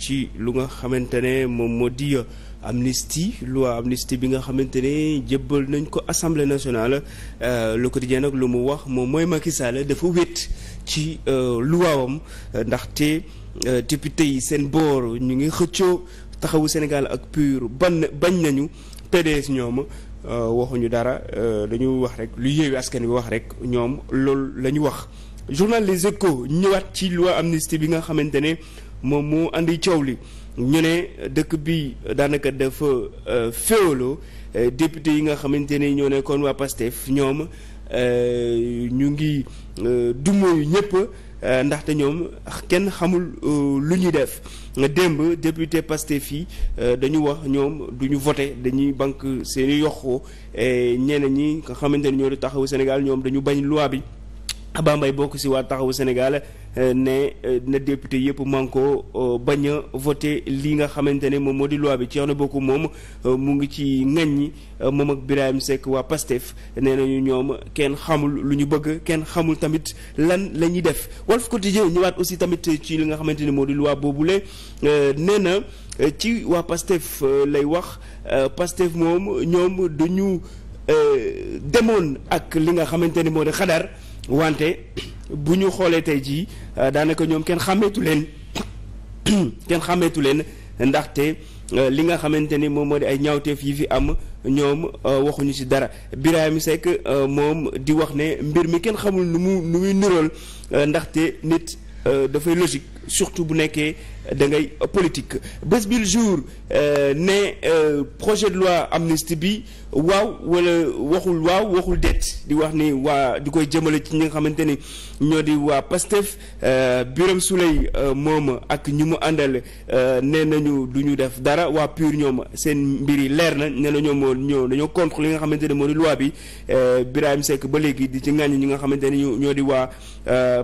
ci lu nga xamante ne moom moo di euh, amnistie loi amnistie bi nga xamante ne jébbal nañ ko assemblée nationale euh, le quotidien nag lu mu wax moom mooy Macky Sall dafa wét ci euh, luwaawam ndaxte député yi seen boor ñu ngi xëccoo taxawu Sénégal ak pure ban bañ nañu PDS ñoom waxuñu dara dañu wax rek lu yeewi askan wi wax rek ñoom loolu la wax journal Les Échos ñëwaat ci loi amnistie bi nga xamante moom moo andi coow li ñu ne dëkk bi daanaka dafa euh, féewaloo euh, député yi nga xamante ne ñoo nekkoon waa PASTEF ñoom euh, ñu ngi dumooyu ñëpp ndaxte ñoom kenn xamul lu ñuy def démb député PASTEF yi dañu wax ñoom du ñu voté dañuy banque seeni yoxoo ñeneen ñi nga xamante ne ñoo di taxawu Sénégal ñoom dañu bañ loi bi Abba bokk ci waa taxawu Sénégal Euh, ne dina euh, député yëpp manko euh, bañ voté li nga xamante ne moom moo di loi bi ci Thierno bokk moom mu ngi ci ŋaññi moom ak Birahim Seck waa PASTEF nee nañu ñoom kenn xamul lu ñu bëgg kenn xamul tamit lan la ñuy def Walf Quotidien ñëwaat aussi tamit ci li nga xamante ne moo di boobu boobule nee na ci waa PASTEF lay wax PASTEF moom ñoom dañu demoon ak li nga xamante ne moo di xadar wante bu ñu xoolee tey jii euh, daanaka ñoom kenn xàmmeetu leen kenn xàmmeetu leen ndaxte euh, li nga xamante ni moom moo di ay ñawteef yi fi am ñoom euh, waxuñu ci dara Birahim Seck moom di wax ne mbir mi kenn xamul nu mu nu muy nirool ndaxte nit dafay logique surtout bu nekkee da ngay politique bés bi le jour euh, ne euh, projet de loi amnistie bi waaw wala waxul waaw waxul det di wax ni waa di koy jëmale ci ñi nga xamante ni ñoo di waa Pastef euh, Birame Souleye moom ak ñu mu àndal nee nañu du ñu def dara waa PUR ñoom seen mbir yi leer na nee na ñoom ñoo dañoo contre li xamante ne moo di bi Birahim Seck ba léegi di ci ŋàññi ñi nga xamante ni ñoo di waa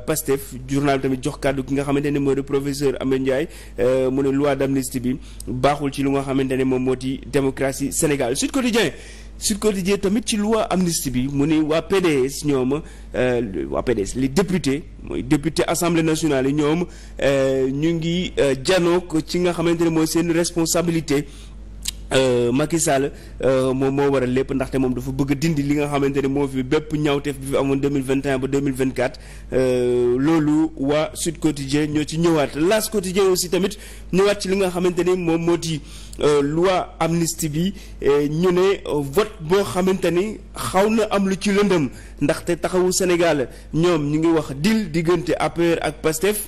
Pastef journal tamit jox kàddu ki nga xamante ni moo de professeur Ameth Ndiaye euh, mu ne loi d'amnistie bi baaxul ci lu nga xamante ne moom moo di démocratie Sénégal Sud Quotidien Sud Quotidien tamit ci loi amnistie bi mu ne waa PDS ñoom euh, waa PDS li députés mooy député assemblée nationale yi ñoom euh, ñu ngi janook ci nga xamante ne mooy seen responsabilité Euh, Macky Sall euh, moom moo waral lépp ndaxte moom dafa bëgg dindi li nga xamante ne moo fi bépp ñaawteef bi fi amoon 2021 ba 2024 euh, loolu waa Sud Quotidien ñoo ci ñëwaat L'As Quotidien aussi tamit ñëwaat ci li nga xamante ne moom moo di loi amnistie bi ñu ne vote boo xamante ni xaw na am lu ci lëndëm ndaxte taxawu Sénégal ñoom ñu ngi wax dil diggante APR ak PASTEF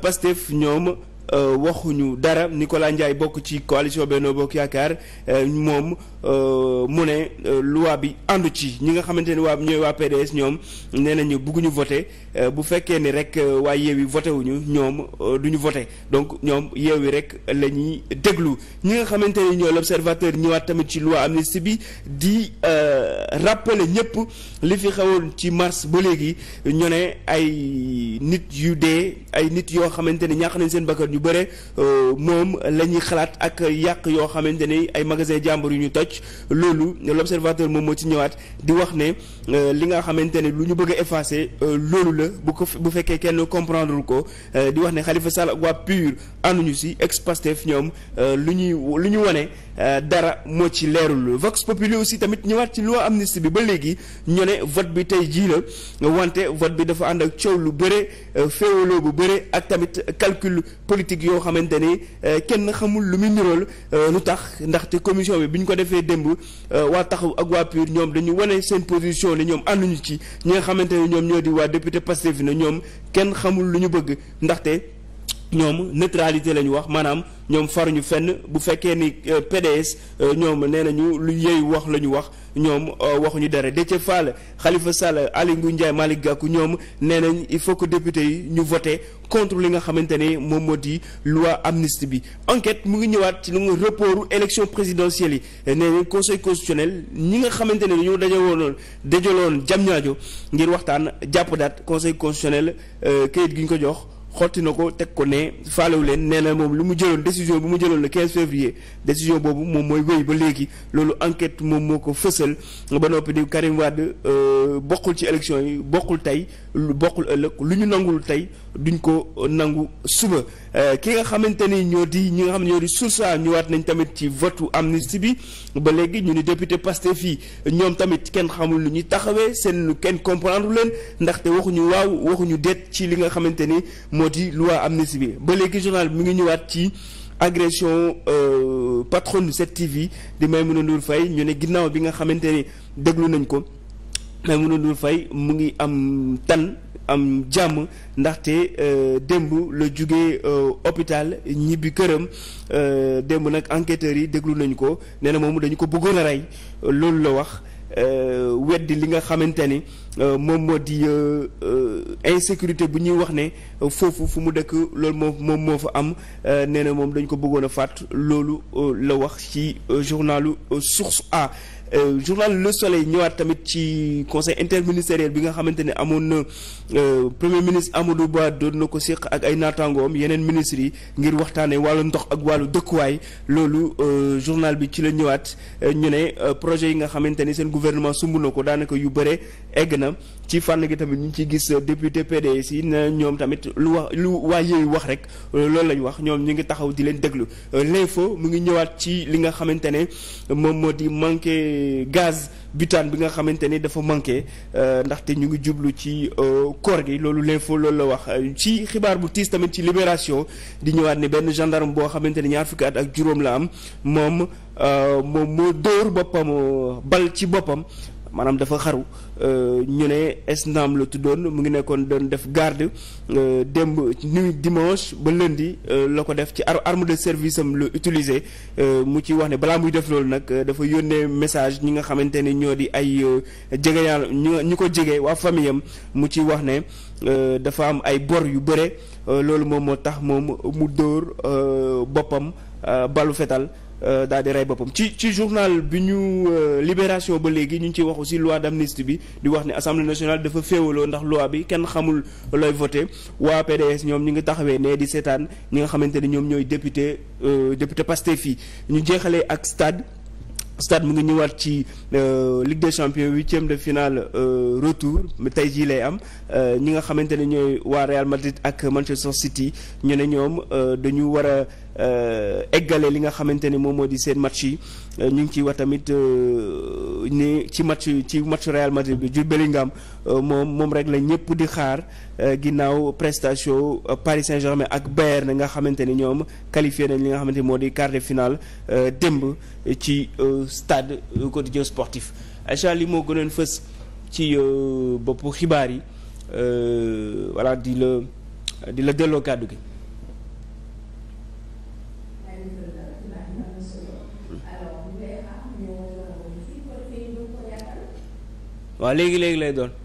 PASTEF ñoom Euh, waxuñu dara Nicolas Ndiaye bokk ci coalition benn Bokk Yaakaar euh, moom euh, mu ne loi bi àndu ci ñi nga xamante ne waa ñooy waa PDS ñoom nee nañu bëgguñu voté bu fekkee ni rek waaye Yewwi voté wuñu ñoom duñu voté donc ñoom Yewwi rek la ñuy déglu ñi nga xamante ne ñoo l'observateur ñëwaat tamit ci loi amnistie bi di rappeler ñëpp li fi xewoon ci mars ba léegi ñu ne ay nit yu dee ay nit yoo xamante ne ñàkk nañ seen bakkan ñu bëre euh, moom la ñuy xalaat ak yàq yoo xamante ni ay magasin jàmbur yu ñu toj loolu la l'observateur moom moo ci ñëwaat di wax ne euh, li nga xamante ne lu ñu bëgg a effacer euh, loolu la bu ko bu fekkee kenn comprendre ko di wax ne xalifa sala ak waa PUR ànduñu si ex-Pastef ñoom lu ñuy lu ñu wane dara moo ci leerul Vox Populi aussi tamit ñëwaat ci loi amnistie bi ba léegi ñu ne vote bi tey jii la wante vote bi dafa ànd ak coow lu bëre féewaloo bu bëre ak tamit calcul politique yoo xamante ni euh, kenn xamul lu muy nirool euh, lu tax ndaxte commission bi bi ñu ko defee démb euh, waa taxaw ak waa PUR ñoom dañu wane seen position ne ñoom ànduñu ci ñi nga xamante ne ñoom ñoo di waa député Pastef na ñoom kenn xamul lu ñu bëgg ndaxte ñoom neutralité la ñu wax maanaam ñoom ñu fenn bu fekkee ni euh, PDS euh, ñoom nee ñu lu yey wax la ñu wax ñoom euh, waxuñu dara Déthié Fall xalifa Sall Aly Ngouille Ndiaye Malick Gakou ñoom nee nañ il faut que député yi ñu voté contre li nga xamante ne moom moo di loi amnistie bi enquête mu ngi ñëwaat ci lu nga reportu élection présidentielle yi nee nañ conseil constitutionnel ñi nga xamante ne ñoo dajaloon dajaloon jam ñaajo ngir waxtaan jàpp daat conseil constitutionnel kayit gi ñu ko jox xotti na ko teg ko ne faalewu leen nee na moom lu mu jëloon décision bi mu jëloon le 15 février décision boobu moom mooy wéy ba léegi loolu enquête moom moo ko fësal ba noppi di Karim Wade euh, bokkul ci élection yi bokkul tey lu bokkul ëllëg lu ñu nangul tey duñ ko euh, nangu suba Euh, ki nga xamante ni ñoo di ñi nga xam ne ñoo di sursa ñëwaat nañ tamit ci votu amnistie bi ba léegi ñu ni député Pastef fii ñoom tamit kenn xamul lu ñuy taxawee seen kenn comprendre leen ndaxte waxuñu waaw waxuñu déet ci li nga xamante ni moo di loi amnistie bi ba léegi journal bi mi ngi ñëwaat ci agression euh, patronne 7TV di Maimouna Ndour fay ñu ne ginnaaw bi nga xamante ni déglu nañ ko Maimouna Ndour Faye mu ngi am tan am jàmm ndaxte euh, démb la jóge euh, hôpital ñibbi këram euh, démb nag enquêteurs yi déglu nañu ko nee na moom dañu ko bëggoon a rey loolu la wax weddi li nga xamante ni moom moo di insécurité bu ñuy wax ne foofu fu mu dëkk loolu moom moo fa am nee na moom dañ ko bëggoon a fàtt loolu la wax ci journalu Source A Euh, journal Le Soleil ñëwaat tamit ci conseil interministériel bi nga xamante ni amoon na euh, premier ministre Amadou Ba doon na ko séq ak ay naataangoom yeneen ministre yi ngir waxtaanee wàllu ndox ak wàllu dëkkuwaay loolu euh, journal bi ci la ñëwaat ñu ne projet yi nga xamante ni seen gouvernement sumb na ko daanaka yu bëre egg na ci fànn gi tamit ñu ngi ciy gis euh, député PDS yi na ñoom tamit lu wax lu waa yooyu wax rek euh, loolu lañu wax ñoom ñu ngi taxaw di leen déglu euh, l'info mu ngi ñëwaat ci li nga xamante ne moom moo di manqué gaz butane bi nga xamante ne dafa manqué ndaxte ñu ngi jublu ci koor gi loolu l'info loolu la wax ci xibaar bu tiis tamit ci libération di ñëwaat ne benn gendarme boo xamante ne ñaar fukki ak juróom la am moom moom moo dóor boppam bal ci boppam maanaam dafa xaru euh, ñu ne Esnam la tuddoon mu ngi nekkoon doon def garde euh, démb nuit dimanche ba lundi euh, la ko def ci arme de service am la utiliser mu ci wax ne balaa muy def loolu nag dafa yónnee message ñi nga xamante ne ñoo di ay jege yàlla ñu ko jege waa famille mu ci wax ne dafa am ay bor yu bëre loolu moom moo tax moom mu dóor boppam balu fetal Euh, daal di rey boppam ci ci journal bi ñu euh, libération ba léegi ñu ngi ciy wax aussi loi d'amnistie bi di wax ni assemblée nationale dafa féewaloo ndax loi bi kenn xamul looy voté waa PDS ñoom ñi nga taxawee ne di seetaan ñi nga xamante ne ñoom ñooy député euh, député Pastef fii ñu jeexale ak stade stade mu ngi ñëwaat ci euh, Ligue des champions huitième de finale euh, retour tey jii lay am euh, ñi nga xamante ne ñooy waa Real Madrid ak Manchester City ñu ne ñoom dañu war a eggale li nga xamante ne moom moo di seen match yi ñu ngi ciy wax tamit ni ci match ci match Real Madrid bi Jude Bellingham moom moom rek la ñëpp di xaar ginnaaw prestation Paris Saint-Germain ak Bayern nga xamante ne ñoom qualifié nañ li nga xamante ne moo di quart de finale démb ci. stade euh, quotidien sportif Aïcha li moo ko gënoon fës ci euh, boppu xibaar yi euh, voilà di la di la delloo kàddu gi waaw léegi-léegi lay doon